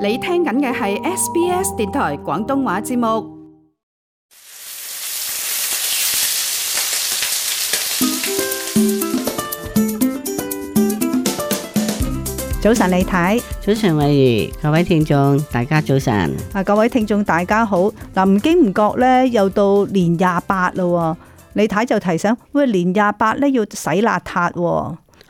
你聽緊嘅係 SBS 電台廣東話節目。早晨，李太。早晨，慧怡，各位聽眾，大家早晨。啊，各位聽眾，大家好。嗱，唔經唔覺咧，又到年廿八啦。李太就提醒：喂，年廿八咧要洗邋遢。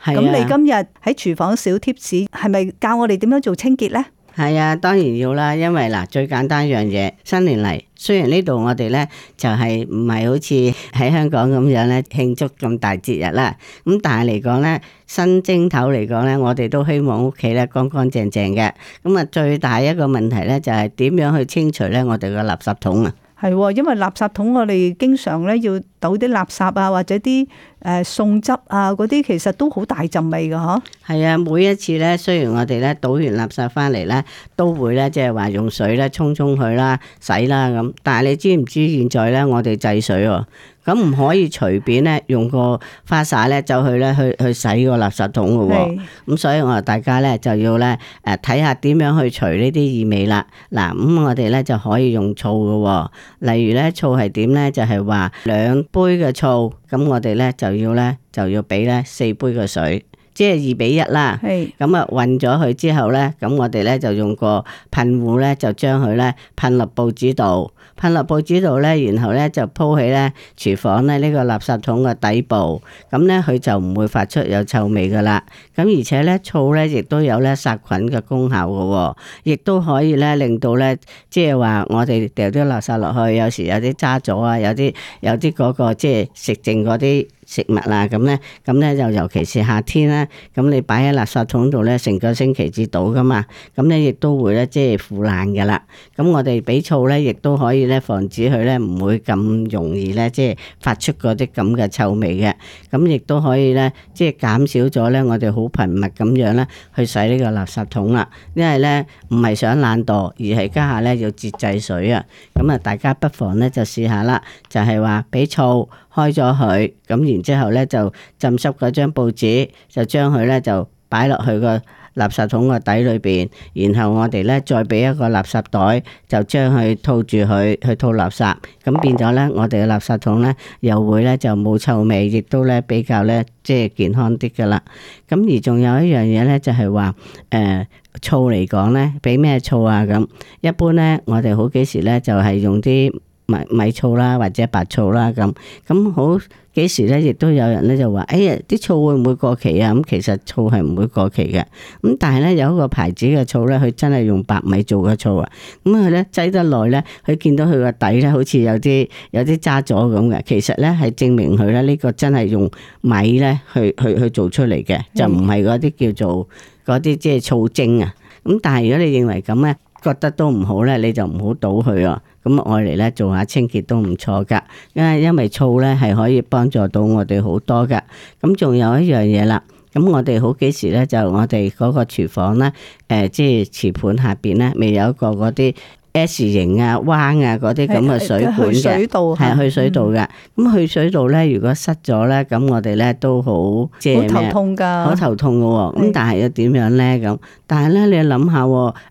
係。咁你今日喺廚房小貼士係咪教我哋點樣做清潔咧？係啊，當然要啦，因為嗱，最簡單一樣嘢，新年嚟，雖然呢度我哋呢就係唔係好似喺香港咁樣呢慶祝咁大節日啦，咁但係嚟講呢，新正頭嚟講呢，我哋都希望屋企呢乾乾淨淨嘅，咁、嗯、啊最大一個問題呢就係、是、點樣去清除呢我哋嘅垃圾桶啊？係、哦，因為垃圾桶我哋經常呢要。倒啲垃圾啊，或者啲誒餸汁啊，嗰啲其實都好大陣味嘅嗬。係啊，每一次咧，雖然我哋咧倒完垃圾翻嚟咧，都會咧即係話用水咧沖沖去啦、洗啦咁。但係你知唔知現在咧，我哋制水喎、啊，咁唔可以隨便咧用個花灑咧走去咧去去洗個垃圾桶嘅喎、啊。咁是、嗯、所以我哋大家咧就要咧誒睇下點樣去除、啊嗯、呢啲異味啦。嗱咁我哋咧就可以用醋嘅喎、啊。例如咧醋係點咧，就係話兩。杯嘅醋，咁我哋咧就要咧就要俾咧四杯嘅水。即係二比一啦是，咁啊混咗佢之後呢，咁我哋呢就用個噴壺呢，就將佢呢噴落報紙度，噴落報紙度呢，然後呢就鋪喺呢廚房呢呢個垃圾桶嘅底部，咁呢，佢就唔會發出有臭味噶啦。咁而且呢，醋呢亦都有呢殺菌嘅功效嘅喎，亦都可以呢令到呢，即係話我哋掉啲垃圾落去，有時有啲渣咗啊，有啲有啲嗰個，即係食剩嗰啲。食物啦，咁咧，咁咧就尤其是夏天咧，咁你擺喺垃圾桶度咧，成個星期至到噶嘛，咁咧亦都會咧，即係腐爛噶啦。咁我哋俾醋咧，亦都可以咧防止佢咧唔會咁容易咧，即係發出嗰啲咁嘅臭味嘅。咁亦都可以咧，即係減少咗咧我哋好頻密咁樣咧去洗呢個垃圾桶啦。因為咧唔係想懶惰，而係家下咧要節制水啊。咁啊，大家不妨咧就試下啦，就係話俾醋開咗佢，咁。然之後咧，就浸濕嗰張報紙，就將佢咧就擺落去個垃圾桶個底裏邊。然後我哋咧再俾一個垃圾袋，就將佢套住佢，去套垃圾。咁變咗咧，我哋嘅垃圾桶咧又會咧就冇臭味，亦都咧比較咧即係健康啲噶啦。咁而仲有一樣嘢咧，就係話誒醋嚟講咧，俾咩醋啊？咁一般咧，我哋好幾時咧就係、是、用啲。米米醋啦，或者白醋啦，咁咁好，幾時咧亦都有人咧就話，哎呀，啲醋會唔會過期啊？咁其實醋係唔會過期嘅，咁但係咧有一個牌子嘅醋咧，佢真係用白米做嘅醋啊，咁佢咧擠得耐咧，佢見到佢個底咧，好似有啲有啲渣咗咁嘅，其實咧係證明佢咧呢個真係用米咧去去去做出嚟嘅，就唔係嗰啲叫做嗰啲即係醋精啊。咁但係如果你認為咁咧？覺得都唔好呢，你就唔好倒佢啊！咁我嚟呢做下清潔都唔錯噶，因因為醋呢係可以幫助到我哋好多噶。咁仲有一樣嘢啦，咁我哋好幾時呢，就我哋嗰個廚房呢，誒即係瓷盤下邊呢，未有一個嗰啲。S, S 型啊，彎啊，嗰啲咁嘅水管嘅，係去水道嘅。咁去水道咧，嗯、道如果塞咗咧，咁我哋咧都好即係咩？好頭痛噶，好頭痛噶。咁的但係又點樣咧？咁但係咧，你諗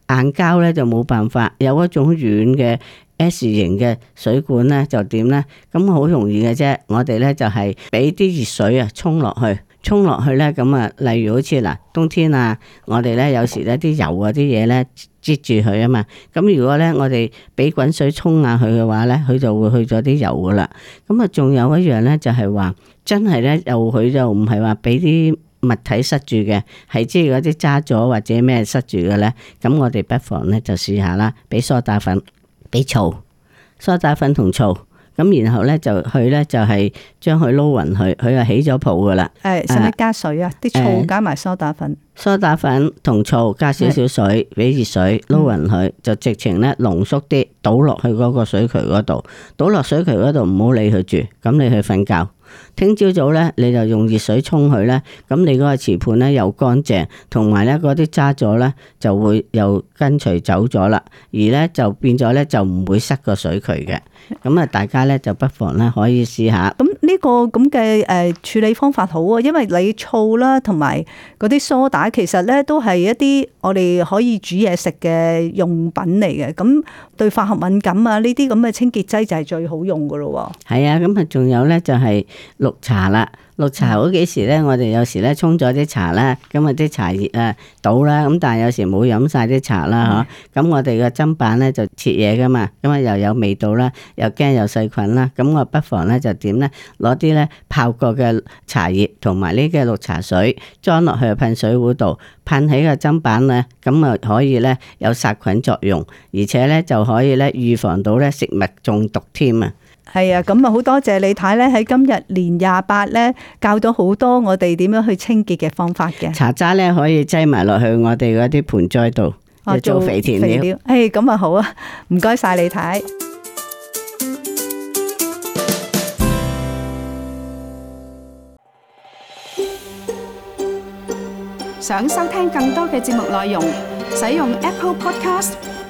下，硬膠咧就冇辦法，有一種軟嘅 S 型嘅水管咧就點咧？咁好容易嘅啫，我哋咧就係俾啲熱水啊沖落去。沖落去呢，咁啊，例如好似嗱冬天啊，我哋呢，有時呢啲油啊啲嘢呢，擠住佢啊嘛。咁如果呢，我哋俾滾水沖下佢嘅話呢，佢就會去咗啲油噶啦。咁啊，仲有一樣呢，就係話真係呢，又佢就唔係話俾啲物體塞住嘅，係即係嗰啲渣咗或者咩塞住嘅呢。咁我哋不妨呢，就試下啦，俾梳打粉，俾醋，梳打粉同醋。咁然後咧就佢咧就係將佢撈勻佢，佢又起咗泡噶啦。誒，使唔使加水啊？啲、啊、醋加埋梳打粉，梳打粉同醋加少少水，俾是熱水撈勻佢，嗯、就直情咧濃縮啲，倒落去嗰個水渠嗰度，倒落水渠嗰度唔好理佢住，咁你去瞓覺。聽朝早咧，你就用熱水沖佢咧，咁你嗰個瓷盤咧又乾淨，同埋咧嗰啲渣咗咧就會又跟隨走咗啦，而咧就變咗咧就唔會塞個水渠嘅。咁啊，大家咧就不妨咧可以試下。咁呢個咁嘅誒處理方法好啊，因為你醋啦，同埋嗰啲梳打，其實咧都係一啲我哋可以煮嘢食嘅用品嚟嘅。咁對化學敏感啊，呢啲咁嘅清潔劑就係最好用噶咯。係啊，咁啊仲有咧就係、是。綠茶啦，綠茶好幾時呢，我哋有時呢沖咗啲茶啦，咁啊啲茶葉啊倒啦，咁但係有時冇飲晒啲茶啦，吓的，咁、啊、我哋個砧板呢就切嘢噶嘛，咁啊又有味道啦，又驚有細菌啦，咁我不妨呢就點呢？攞啲呢泡過嘅茶葉同埋呢個綠茶水裝落去噴水壺度，噴喺個砧板呢。咁啊可以呢有殺菌作用，而且呢就可以呢預防到呢食物中毒添啊！係啊，咁啊好多謝李太咧，喺今日年廿八咧教咗好多我哋點樣去清潔嘅方法嘅。茶渣咧可以擠埋落去我哋嗰啲盆栽度，又做肥田料。誒，咁啊好啊，唔該晒李太。想收聽更多嘅節目內容，使用 Apple Podcast、